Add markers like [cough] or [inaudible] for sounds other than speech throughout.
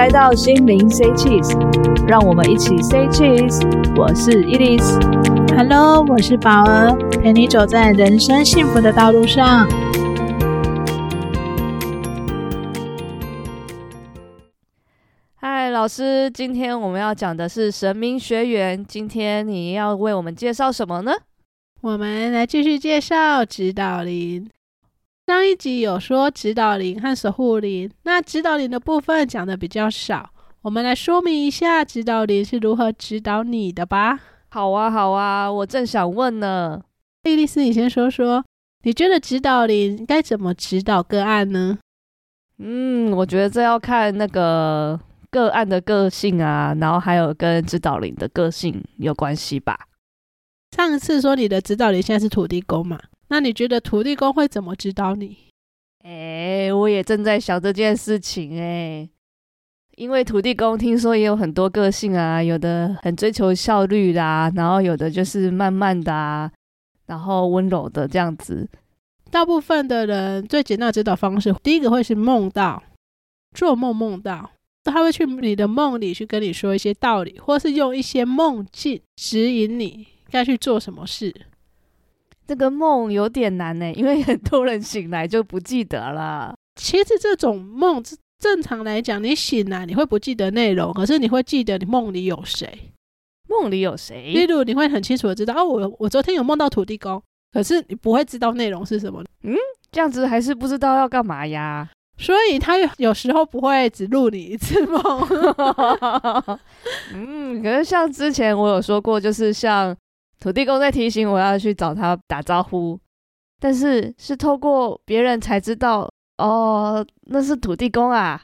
來到心靈，say cheese，讓我們一起 say cheese。我是伊莉絲，Hello，我是寶兒，陪你走在人生幸福的道路上。嗨，老師，今天我們要講的是神明學園，今天你要為我們介紹什麼呢？我們來繼續介紹指導靈。上一集有說指導靈和守護靈，那指導靈的部分講得比較少，我們來說明一下指導靈是如何指導你的吧。好啊，好啊，我正想問呢。伊莉絲，你先說說，你覺得指導靈該怎麼指導個案呢？嗯，我覺得這要看那個個案的個性啊，然後還有跟指導靈的個性有關係吧。上一次說你的指導靈現在是土地公嘛。那你覺得土地公會怎麼指導你？哎，我也正在想這件事情哎，因為土地公聽說也有很多個性啊，有的很追求效率啊，然後有的就是慢慢的啊，然後溫柔的這樣子。大部分的人最簡單的指導方式，第一個會是夢到，做夢夢到，他會去你的夢裡去跟你說一些道理，或是用一些夢境指引你該去做什麼事。這個夢有點難呢，因為很多人醒來就不記得了。其實這種夢，正常來講，你醒來你會不記得內容，可是你會記得你夢裡有誰。夢裡有誰？例如你會很清楚的知道，哦，我我昨天有夢到土地公，可是你不會知道內容是什麼。嗯，這樣子還是不知道要幹嘛呀？所以他有時候不會只錄你一次夢。 [laughs] [laughs] 嗯，可是像之前我有說過，就是像。土地公在提醒我要去找他打招呼，但是是透過別人才知道哦，那是土地公啊。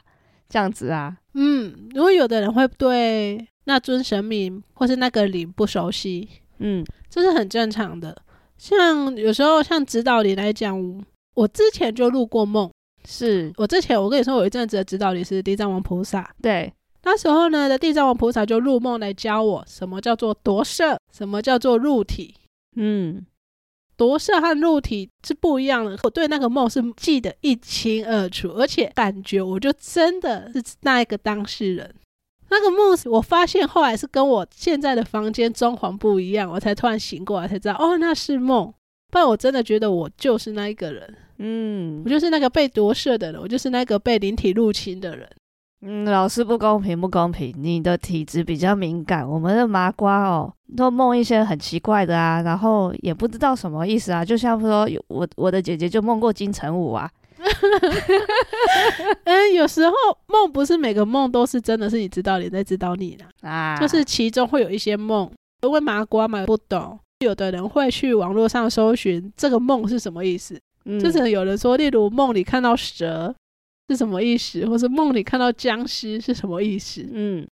這樣子啊，嗯，因為有的人會對那尊神明或是那個靈不熟悉，嗯，這是很正常的。像有時候像指導靈來講，我之前就入過夢，是我之前我跟你說我有一陣子的指導靈是地藏王菩薩，對。那時候呢，的地藏王菩薩就入夢來教我，什麼叫做奪舍，什麼叫做入體。嗯，奪舍和入體是不一樣的。我對那個夢是記得一清二楚，而且感覺我就真的是那一個當事人。那個夢，我發現後來是跟我現在的房間裝潢不一樣，我才突然醒過來，才知道哦，那是夢。不然我真的覺得我就是那一個人。嗯，我就是那個被奪舍的人，我就是那個被靈體入侵的人。嗯，老師不公平，不公平。你的體質比較敏感，我們的麻瓜哦，都夢一些很奇怪的啊，然後也不知道什麼意思啊。就像說有，我我的姐姐就夢過金城武啊。 [laughs] [laughs] 嗯，有時候夢不是每個夢都是真的，是你知道你在指導你的啊，就是其中會有一些夢，因為麻瓜嘛不懂，有的人會去網絡上搜尋這個夢是什麼意思。嗯，就是有人說，例如夢裡看到蛇。是什麼意思？或者夢裡看到僵屍是什麼意思？嗯，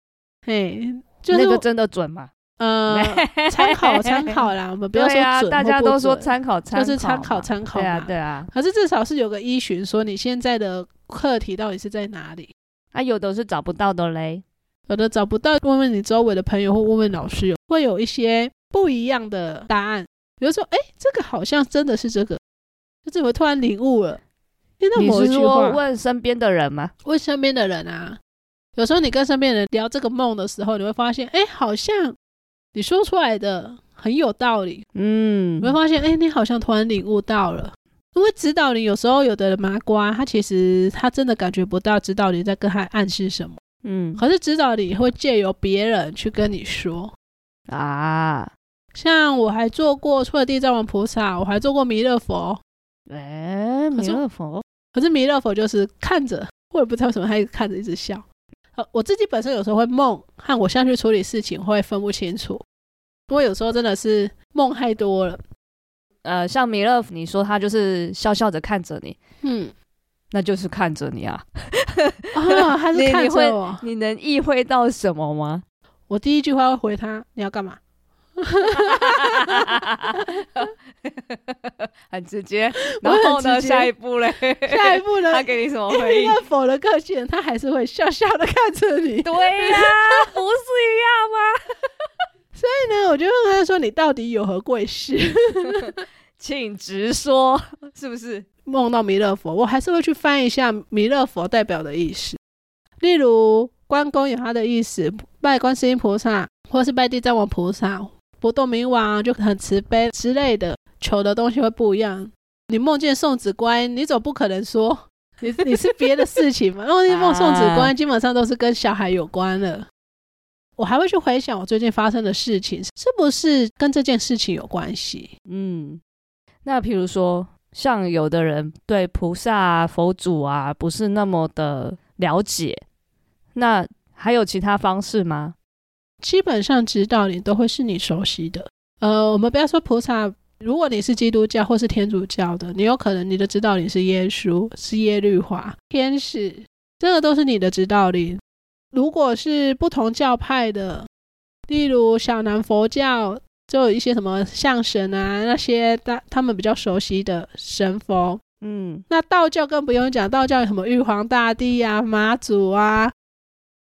嘿就是、那個真的準嗎？嗯、呃， [laughs] 參考參考啦，我們不要說參、啊、考不考，就是參考參考嘛。對啊，對啊。可是至少是有個依循，說你現在的課題到底是在哪裡？啊，有的是找不到的嘞，有的找不到，問問你周圍的朋友或問問老師有，有會有一些不一樣的答案。比如說，哎、欸，這個好像真的是這個，就這、是、麼突然領悟了。那你是說問身邊的人嗎？問身邊的人啊，有時候你跟身邊人聊這個夢的時候，你會發現，哎，好像你說出來的很有道理，嗯，你會發現，哎，你好像突然領悟到了。因為指導靈，有時候有的人麻瓜，他其實他真的感覺不到指導靈在跟他暗示什麼，嗯，可是指導靈會借由別人去跟你說啊，像我還做過除了地藏王菩薩，我還做過彌勒佛。哎，彌勒佛，可是彌勒佛就是看着，我也不知道為什麼，他一直看着，一直笑。我自己本身有時候會夢，和我現在去處理事情會分不清楚，不過有時候真的是夢太多了。呃，像彌勒佛，你說他就是笑笑的看着你，嗯，那就是看着你啊。啊、 [laughs] 哦，他是看着我，你你會，你能意會到什麼嗎？我第一句話會回他，你要幹嘛？哈哈哈哈哈！ [laughs] [laughs] 很直接，然後呢？下一步嘞？下一步呢？他給你什麼回應？彌勒佛的個性，他還是會笑笑的看着你。對呀啦， [laughs] 不是一樣嗎？ [laughs] 所以呢，我就問他說：“你到底有何貴事？ [laughs] 請直說，是不是夢到彌勒佛？我還是會去翻一下彌勒佛代表的意思。例如，關公有他的意思，拜觀世音菩薩，或是拜地藏王菩薩。”不動明王就很慈悲之類的，求的東西會不一樣。你夢見送子觀音，你總不可能說你你是別的事情嘛。如果你夢送子觀音，基本上都是跟小孩有關了。啊、我還會去回想我最近發生的事情，是不是跟這件事情有關係？嗯，那譬如說像有的人對菩薩、啊、佛祖啊不是那麼的了解，那還有其他方式嗎？基本上，指導靈都會是你熟悉的。呃，我們不要說菩薩，如果你是基督教或是天主教的，你有可能你的指導靈是耶穌、是耶律華、天使，這個都是你的指導靈。如果是不同教派的，例如小南佛教，就有一些什麼象神啊、那些大他們比較熟悉的神佛，嗯，那道教更不用講，道教有什麼玉皇大帝啊、媽祖啊。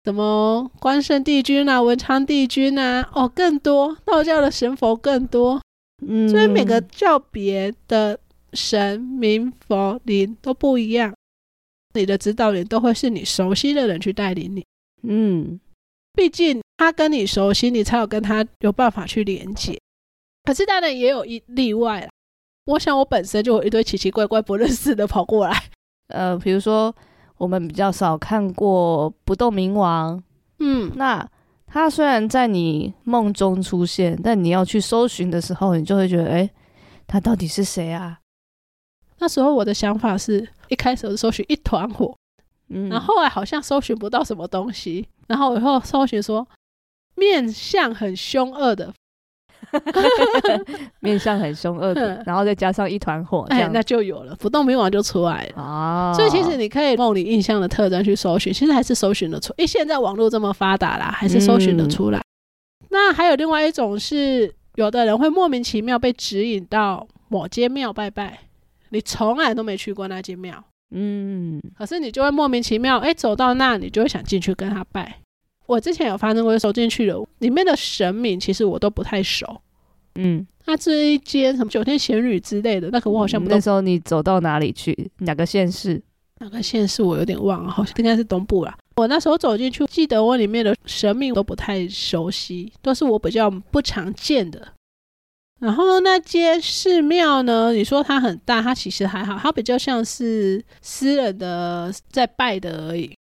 什麼關聖帝君吶、啊，文昌帝君吶、啊，哦，更多道教的神佛更多，嗯、所以每個教別的神明佛靈都不一樣。你的指導員都會是你熟悉的人去帶領你，嗯，畢竟他跟你熟悉，你才有跟他有辦法去連接。可是當然也有一例外了，我想我本身就有一堆奇奇怪怪不認識的跑過來，呃，比如說。我們比較少看過不動明王，嗯，那他雖然在你夢中出現，但你要去搜尋的時候，你就會覺得，哎、欸，他到底是誰啊？那時候我的想法是一開始是搜尋一團火，嗯，然後後來好像搜尋不到什麼東西，然後我以後搜尋說面相很凶惡的。 [laughs] [laughs] 面相很凶惡， [laughs] 然後再加上一團火，哎唉，樣那就有了，不動明王就出來了、哦、所以其實你可以用你印象的特徵去搜尋，其實還是搜尋得出，哎，現在網絡這麼發達啦，還是搜尋得出來。嗯、那還有另外一種是，有的人會莫名其妙被指引到某間廟拜拜，你從來都沒去過那間廟，嗯，可是你就會莫名其妙，哎、欸，走到那，你就會想進去跟他拜。我之前有發生過，就走進去了，裡面的神明其實我都不太熟。嗯，他、啊、這一間什麼九天玄女之類的，那個我好像不、嗯、那時候你走到哪裡去，哪個縣市？哪個縣市我有點忘了，好像應該是東部啦。我那時候走進去，記得我裡面的神明都不太熟悉，都是我比較不常見的。然後那間寺廟呢，你說它很大，它其實還好，它比較像是私人的在拜的而已。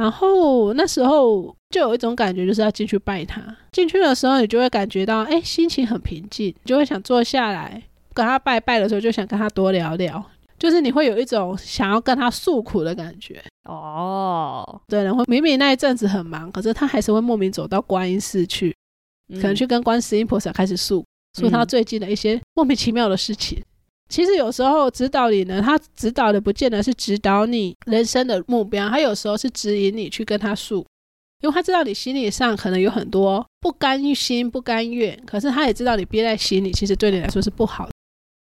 然後那時候就有一種感覺，就是要進去拜他。進去的時候，你就會感覺到，哎，心情很平靜，你就會想坐下來跟他拜拜的時候，就想跟他多聊聊，就是你會有一種想要跟他訴苦的感覺。哦，oh. 對，然後明明那一陣子很忙，可是他還是會莫名走到觀音寺去，可能去跟觀世音菩薩開始訴訴他最近的一些莫名其妙的事情。其實有時候指導你呢，他指導的不見得是指導你人生的目標，他有時候是指引你去跟他訴，因為他知道你心理上可能有很多不甘心、不甘願，可是他也知道你憋在心裡其實對你來說是不好的，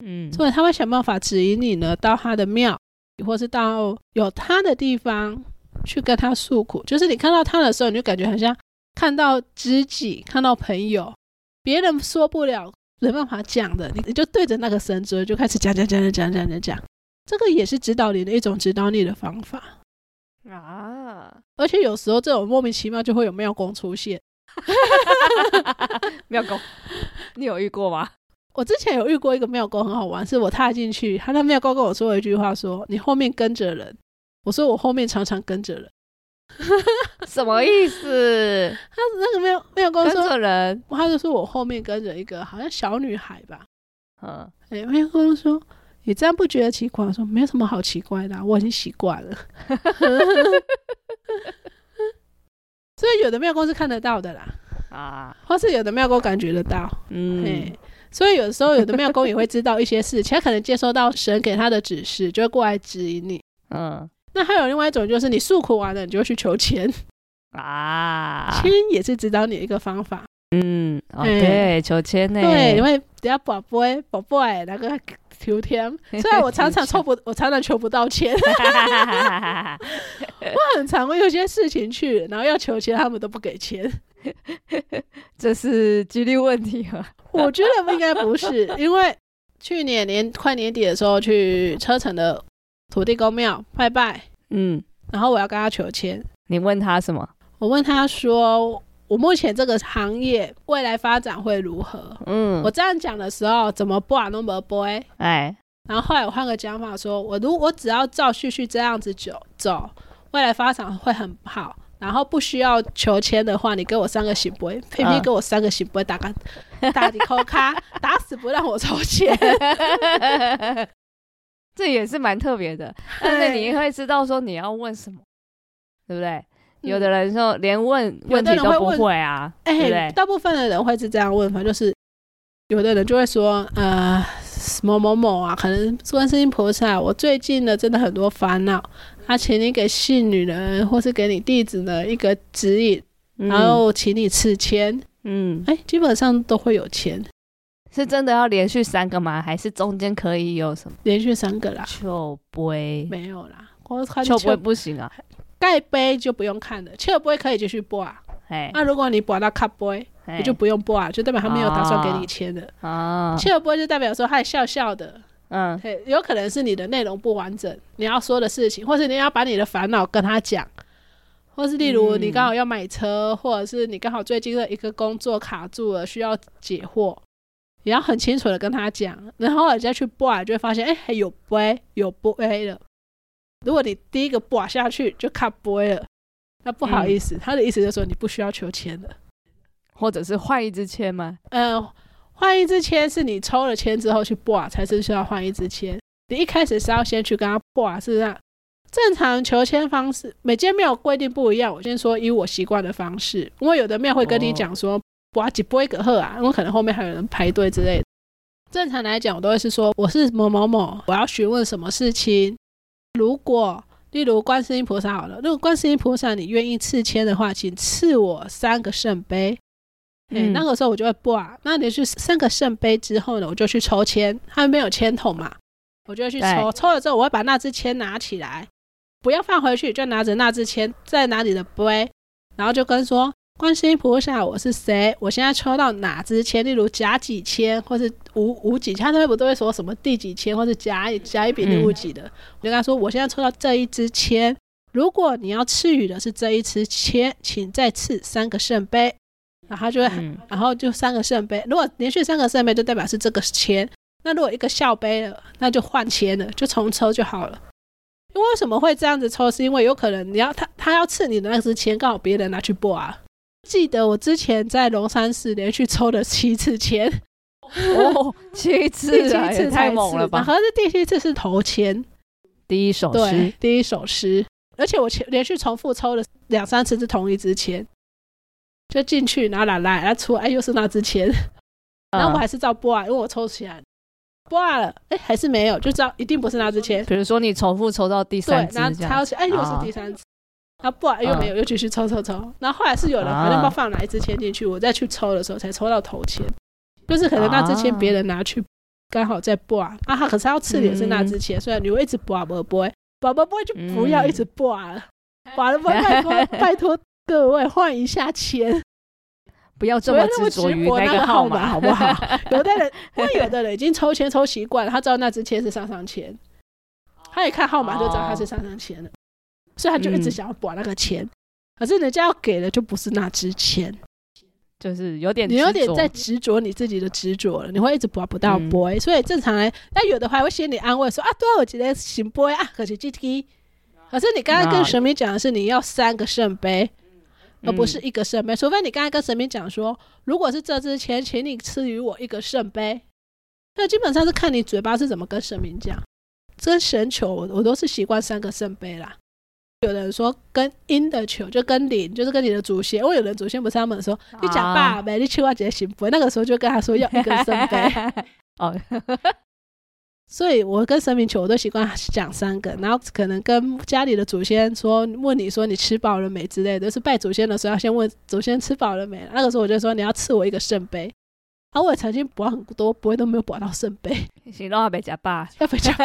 嗯，所以他會想辦法指引你呢到他的廟，或是到有他的地方去跟他訴苦，就是你看到他的時候，你就感覺好像看到知己、看到朋友，別人說不了。沒辦法講的，你你就對着那個神尊就開始講講講講講講講，這個也是指導你的一種，指導你的方法啊！而且有時候這種莫名其妙就會有廟公出現，廟 [laughs] [laughs] 公，你有遇過嗎？我之前有遇過一個廟公很好玩，是我踏進去，他那廟公跟我說一句話說，說你後面跟着人，我說我後面常常跟着人。 [laughs] 什麼意思？ [laughs] 他那個廟、廟公說，跟著人，他就說我後面跟着一個好像小女孩吧，嗯，哎、欸，廟公說你這樣不覺得奇怪？我說沒有什麼好奇怪的，啊，我已經習慣了。 [laughs] [laughs] [laughs] 所以有的廟公是看得到的啦，啊，或是有的廟公感覺得到，嗯、欸，所以有的時候有的廟公也會知道一些事， [laughs] 他可能接收到神給他的指示，就會過來指引你，嗯。那還有另外一種，就是你訴苦完了，你就去求籤啊，籤也是指導你的一個方法。嗯，嗯哦、對，求籤呢，對，因為等下寶寶，寶寶那個求籤，雖然我常常抽不， [laughs] 我常常求不到籤， [laughs] [laughs] 我很常我會有些事情去，然後要求籤，他們都不給錢， [laughs] 這是機率問題哈？我覺得應該不是， [laughs] 因為去年年快年底的時候去車城的土地公廟拜拜，嗯，然後我要跟他求籤。你問他什麼？我問他說，我目前這個行業未來發展會如何？嗯，我這樣講的時候怎麼都沒杯哎，然後後來我換個講法說，說我如果只要照旭旭這樣子走走，未來發展會很好。然後不需要求籤的話，你給我三個聖杯，偏偏給我三個聖杯打個打的摳卡，打死不讓我抽籤。 [laughs] 這也是蠻特別的，但是你會知道說你要問什麼，對，對不對？有的人說連問問題都不會啊，嗯，會欸、對對？大部分的人會是這樣問的，反正就是有的人就會說，呃，某某某啊，可能觀世音菩薩，我最近呢真的很多煩惱，他、啊、請你給信女人或是給你弟子的一個指引，然後請你賜籤，嗯，哎，基本上都會有錢。是真的要連續三個嗎？還是中間可以有什麼？連續三個啦。秋杯沒有啦，秋杯不行啊。蓋杯就不用看了，秋杯可以繼續播嘿啊。那如果你播到卡杯嘿你就不用播啊，就代表他沒有打算給你籤的。啊、哦，哦、秋杯就代表說他還笑笑的。嗯，有可能是你的內容不完整，你要說的事情，或是你要把你的煩惱跟他講，或是例如你剛好要買車，嗯、或者是你剛好最近的一個工作卡住了，需要解惑。你要很清楚的跟他講，然後人家你再去撥，就會發現，哎、欸，還有杯，有杯了。如果你第一個撥下去就卡杯了，那不好意思，嗯、他的意思就是說你不需要求籤了，或者是換一支籤嗎？嗯、呃，換一支籤是你抽了籤之後去撥，才是需要換一支籤。你一開始是要先去跟他撥，是不是這樣？正常求籤方式，每間廟規定不一樣。我先說以我習慣的方式，因為有的廟會跟你講說。哦掛幾杯個好啊？因為可能後面還有人排隊之類的。正常來講，我都會是說我是某某某，我要詢問什麼事情。如果例如觀世音菩薩好了，如果觀世音菩薩你願意賜籤的話，請賜我三個聖杯。嗯、欸、那個時候我就會啊？那你去三個聖杯之後呢？我就去抽籤，它沒有籤筒嘛，我就去抽。對抽了之後，我會把那支籤拿起來，不要放回去，就拿着那支籤，再拿你的杯，然後就跟說。觀音菩薩，我是誰？我現在抽到哪支籤？例如甲幾籤，或是五五幾千，他們不都會說什麼第幾籤，或是甲甲乙丙丁戊己的？嗯、我就跟他說，我現在抽到這一支籤。如果你要賜予的是這一支籤，請再賜三個聖杯。然後就會，嗯、然後就三個聖杯。如果連續三個聖杯，就代表是這個籤。那如果一個笑杯了，那就換籤了，就重抽就好了。因為為什麼會這樣子抽？是因為有可能你要他，他要賜你的那支籤，剛好別人拿去播啊。我記得我之前在龍山寺連續抽了七次籤，哦，七次， [laughs] 是七次，次太猛了吧？好像是第七次是頭籤，第一首詩，第一首詩，而且我前連續重複抽了兩三次是同一支籤，就進去拿拿拿，然後出來又是那支籤，那、嗯、我還是照播啊，因為我抽起來掛了，哎、欸、還是沒有，就知道一定不是那支籤。比如說你重複抽到第三支，然後才要，哎、欸、又是第三次。哦然後拔又沒有，又繼續抽抽抽。那後來是有人反正不知道放哪一支籤進去，我再去抽的時候才抽到頭籤。就是可能那支籤別人拿去，剛好在拔，啊，他可是他要賜的是那支籤，所以你會一直拔不不，不不不就不要一直拔了，不了拜托拜托各位換一下籤，不要這麼執着於那個號碼好不好？有的人，因為有的人已經抽籤抽習慣了，他知道那支籤是上上籤，他一看號碼就知道他是上上籤了。所以他就一直想要博那個籤，嗯、可是人家要給的就不是那支籤，就是有點你有點在執着你自己的執着了，你會一直博不到 boy、嗯、所以正常嘞。那有的話會心裡安慰說啊，對我覺得行 boy 啊、就是，可是 GT，可是你剛剛跟神明講的是你要三個聖杯，嗯、而不是一個聖杯，除非你剛剛跟神明講說，如果是這支籤，請你賜予我一個聖杯。那基本上是看你嘴巴是怎麼跟神明講。這神球我我都是習慣三個聖杯啦。有人說跟陰的求，就跟靈，就是跟你的祖先。因為有人祖先不是他們說，就講爸，沒力氣，我直接行不？那個時候就跟他說要一個聖杯。哦， [laughs] oh. [laughs] 所以我跟神明求，我都習慣講三個，然後可能跟家裡的祖先說，問你說你吃飽了沒之類的。就是拜祖先的時候，要先問祖先吃飽了沒？那個時候我就說你要賜我一個聖杯。我曾經卜很多，不會都沒有卜到聖杯。行動還沒吃飽，要肥皂。 [laughs]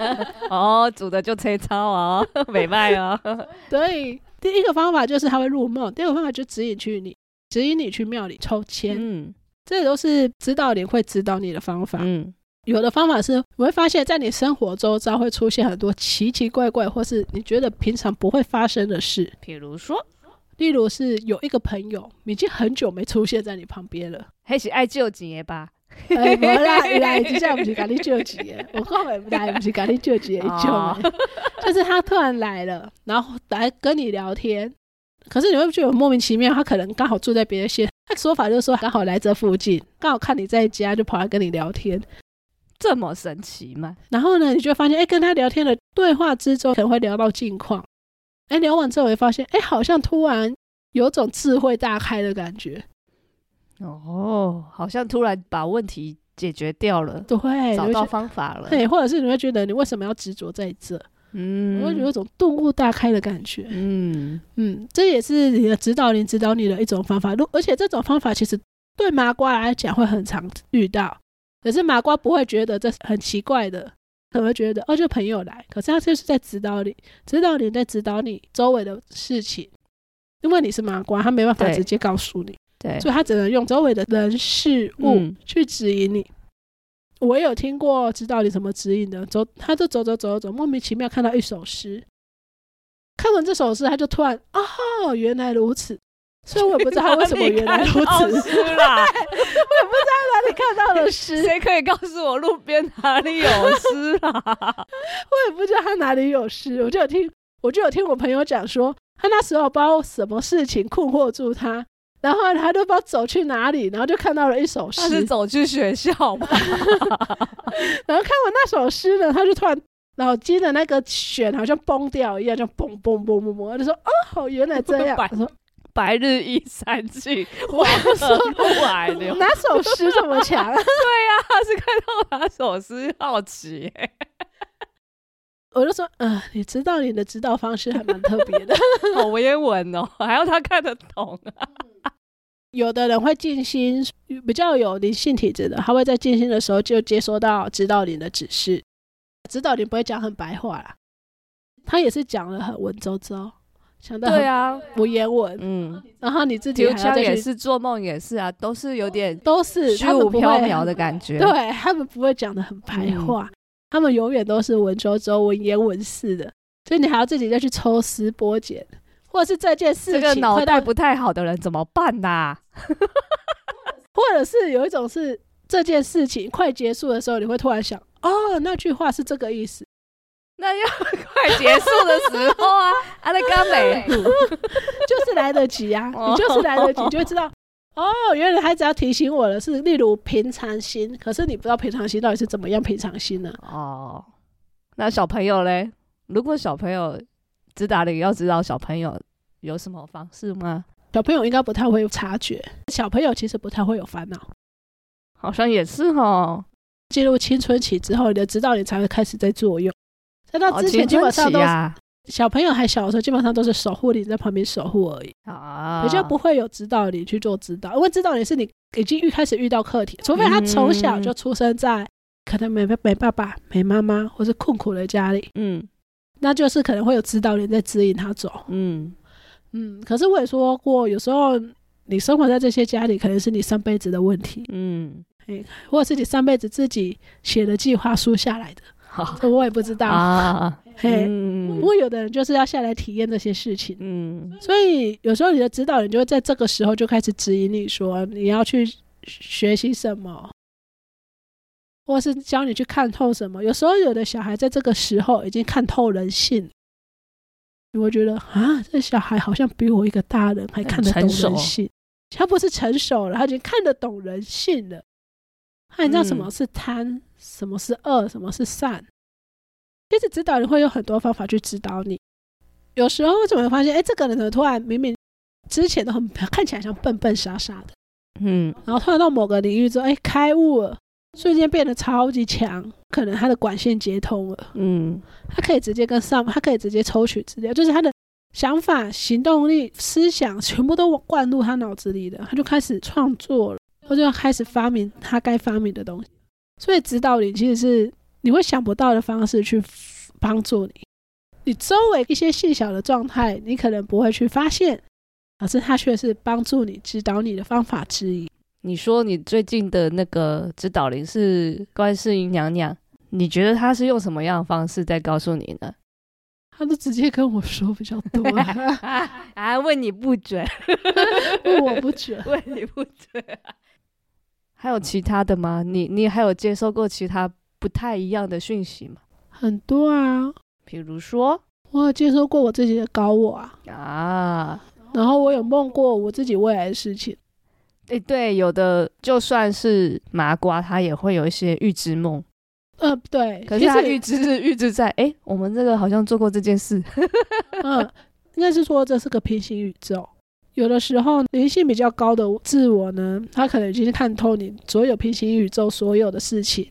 [laughs] 哦，煮的就吹草哦，沒賣哦。 [laughs] 對，第一個方法就是他會入夢，第二個方法就是指引去你指引你去廟裡抽籤。嗯，這都是指導靈會指導你的方法。嗯，有的方法是你會發現在你生活中，它會出現很多奇奇怪怪或是你覺得平常不會發生的事，比如說。例如是有一個朋友，已經很久沒出現在你旁邊了，還、欸、是愛舊情吧？哎、 [laughs] 欸， [laughs] 不啦，來、哦，接下來不是講你舊情，我根本不知道是不是講你舊情一種。就是他突然來了，然後來跟你聊天，可是你會不覺得莫名其妙？他可能剛好住在別的縣，他說法就是說剛好來這附近，剛好看你在家，就跑來跟你聊天，這麼神奇嗎？然後呢，你就發現，哎、欸，跟他聊天的對話之中，可能會聊到近況。哎，聊完、欸、之後我會發現，哎、欸，好像突然有種智慧大開的感覺。哦，好像突然把問題解決掉了，對，找到方法了。對、欸，或者是你會覺得，你為什麼要執着在這？嗯，你會覺得有一種頓悟大開的感覺。嗯嗯，這也是你的指導靈指導你的一種方法。而而且這種方法其實對麻瓜來講會很常遇到，可是麻瓜不會覺得這是很奇怪的。可能會覺得，哦，就朋友來，可是他就是在指導你，指導你，在指導你周圍的事情。因為你是麻瓜，他沒辦法直接告訴你，對，所以他只能用周圍的人事物去指引你。嗯、我也有聽過，指導你怎麼指引的，走，他就走走走走，莫名其妙看到一首詩，看完這首詩，他就突然，啊、哦，原來如此。所以我也不知道他為什麼原來如此。 [laughs] 看到了詩，誰可以告訴我路邊哪裡有詩啊？我也不知道他哪裡有詩，我就有聽，我就有聽我朋友講說，他那時候不知道什麼事情困惑住他，然後他都不知道走去哪裡，然後就看到了一首詩。他是走去學校吧？然後看完那首詩呢，他就突然腦筋的那個弦，好像崩掉一樣，就嘣嘣嘣嘣嘣，他就說：“哦，原來這樣。”白日依山盡，流我都說不來。哪首詩這麼強？ [laughs] 對呀、啊，他是看到哪首詩好奇、欸。我就說，嗯、呃，你知道，你的指導方式還蠻特別的，好文文哦，還要他看得懂、啊、 [laughs] 有的人會靜心，比較有靈性體質的，他會在靜心的時候就接收到指導你的指示。指導你不會講很白話啦，他也是講了很文縐縐。想到對啊，文言文，嗯，然後你自己好像也是做夢也是啊，都是有點都是虛無縹緲的感覺，對，他們不會講的很白話，嗯、他們永遠都是文縐縐、文言文似的，所以你還要自己再去抽絲剝繭，或者是這件事情，這個腦袋不太好的人怎麼辦呢、啊？ [laughs] [laughs] 或者是有一種是這件事情快結束的時候，你會突然想，哦，那句話是這個意思。那要快結束的時候、 [laughs] oh、啊， [laughs] 啊，那剛來 [laughs] 就是來得及啊，oh、你就是來得及，oh、你就會知道、oh、哦。原來孩子要提醒我的是，例如平常心，可是你不知道平常心到底是怎麼樣平常心呢、啊？哦，oh, 那小朋友嘞？如果小朋友指導靈，要知道小朋友有什麼方式嗎？小朋友應該不太會有察覺，小朋友其實不太會有煩惱，好像也是哈、哦。進入青春期之後，你的指導靈才會開始在作用。那到之前基本上都小朋友還小的時候，基本上都是守護靈在旁邊守護而已，也就不會有指導靈去做指導。因為指導靈是你已經一開始遇到課題，除非他從小就出生在可能沒沒爸爸、沒媽媽或是困苦的家裡，嗯，那就是可能會有指導靈在指引他走，嗯嗯。可是我也說過，有時候你生活在這些家裡，可能是你上輩子的問題，嗯，或者是你上輩子自己寫的計劃書下來的。我也不知道，啊、嘿，不過、嗯、有的人就是要下來體驗這些事情，嗯，所以有時候你的指導人就會在這個時候就開始指引你說，你要去學習什麼，或是教你去看透什麼。有時候有的小孩在這個時候已經看透人性，你會覺得啊，這小孩好像比我一個大人還看得懂人性。他不是成熟了，他已經看得懂人性了。他你知道什麼是貪？嗯什麼是惡，什麼是善？其實指導，你會有很多方法去指導你。有時候會怎麼發現，哎，這個人怎麼突然明明之前都很看起來像笨笨傻傻的，嗯，然後突然到某個領域之後，哎，開悟了，瞬間變得超級強，可能他的管線接通了，嗯，他可以直接跟上，他可以直接抽取資料，就是他的想法、行動力、思想全部都灌入他腦子裡的，他就開始創作了，者就者開始發明他該發明的東西。所以指導你其實是你會想不到的方式去幫助你，你周圍一些細小的狀態你可能不會去發現，可是他卻是幫助你指導你的方法之一。你說你最近的那個指導靈是觀世音娘娘，你覺得她是用什麼樣的方式在告訴你呢？她都直接跟我說比較多 [laughs] 啊，啊，問你不準， [laughs] [laughs] 問我不準，問你不準。還有其他的嗎？嗯、你你還有接收過其他不太一樣的訊息嗎？很多啊，比如說我有接收過我自己的高我啊啊，然後我有夢過我自己未來的事情。誒、欸，對，有的就算是麻瓜他也會有一些預知夢。呃對，可是他預知是預知在哎實、欸，我們這個好像做過這件事。嗯， [laughs] 應該是說這是個平行宇宙。有的時候，靈性比較高的自我呢，他可能已經看透你所有平行宇宙所有的事情。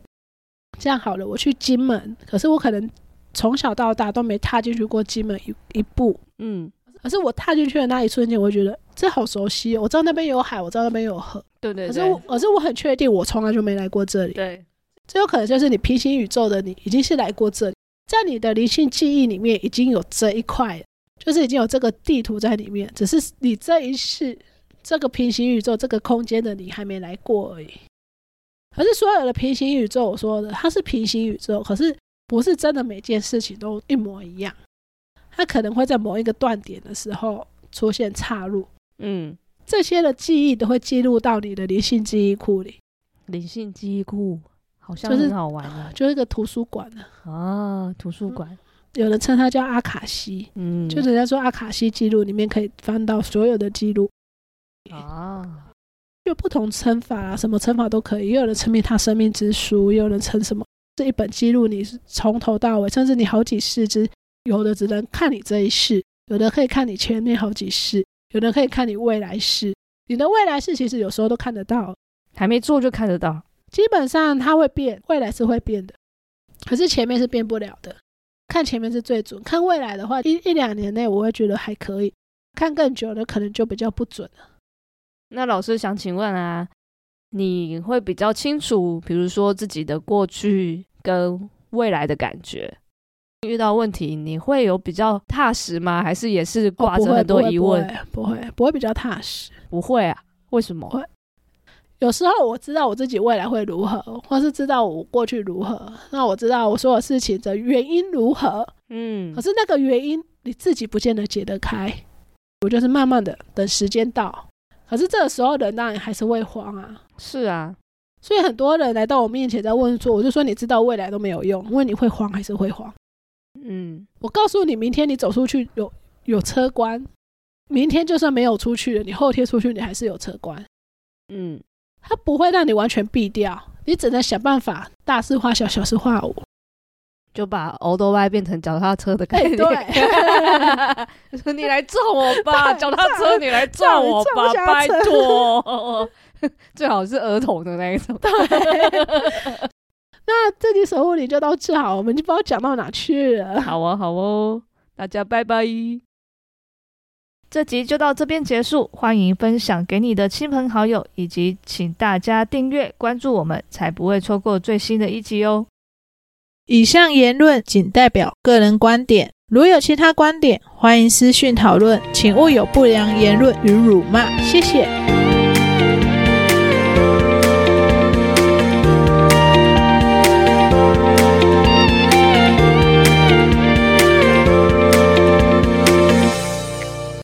這樣好了，我去金門，可是我可能從小到大都沒踏進去過金門一一步。嗯。可是我踏進去的那一瞬間，我覺得這好熟悉。我知道那邊有海，我知道那邊有河。對對對。可是我，可是我很確定，我從來就沒來過這裡。對。最有可能就是你平行宇宙的你，已經是來過這裡，在你的靈性記憶裡面已經有這一塊。就是已經有這個地圖在裡面，只是你這一世這個平行宇宙這個空間的你還沒來過而已。可是所有的平行宇宙，我說的它是平行宇宙，可是不是真的每件事情都一模一樣。它可能會在某一個斷點的時候出現岔路。嗯，這些的記憶都會記錄到你的靈性記憶庫裡。靈性記憶庫好像很好玩啊，就是就一個圖書館啊，圖書館。嗯有人稱它叫阿卡西，嗯，就人家說阿卡西記錄裡面可以翻到所有的記錄啊，就不同稱法啊，什麼稱法都可以。有人稱它生命之書，也有人稱什麼。這一本記錄，你是從頭到尾，甚至你好幾世之。有的只能看你這一世，有的可以看你前面好幾世，有的可以看你未來世。你的未來世其實有時候都看得到，還沒做就看得到。基本上它會變，未來是會變的，可是前面是變不了的。看前面是最準，看未來的話，一一兩年內我會覺得還可以，看更久的可能就比較不準了。那老師想請問啊，你會比較清楚，比如說自己的過去跟未來的感覺，遇到問題你會有比較踏實嗎？還是也是掛着很多疑問？哦，不會，不會比較踏實。不會啊？為什麼？有時候我知道我自己未來會如何，或是知道我過去如何，那我知道我所有事情的原因如何。嗯，可是那個原因你自己不見得解得開。嗯、我就是慢慢的等時間到，可是這個時候人當然還是會慌啊。是啊，所以很多人來到我面前在問說，我就說你知道未來都沒有用，問你會慌還是會慌。嗯，我告訴你，明天你走出去有有車關，明天就算沒有出去了，你後天出去你還是有車關。嗯。他不會讓你完全避掉，你只能想辦法大事化小，小事化無，就把歐兜拜變成腳踏車的概念。欸、 [laughs] [laughs] 你來撞我吧，腳對踏車，你來撞我吧，拜托託， [laughs] 最好是兒童的那一種。那這集守護靈你就到這好，我們就不知道講到哪去了。好啊，好哦，大家拜拜。這集就到這邊結束，歡迎分享給你的親朋好友，以及請大家訂閱關注我們，才不會錯過最新的一集哦。以上言論僅代表個人觀點，如有其他觀點，歡迎私訊討論，請勿有不良言論與辱罵，謝謝。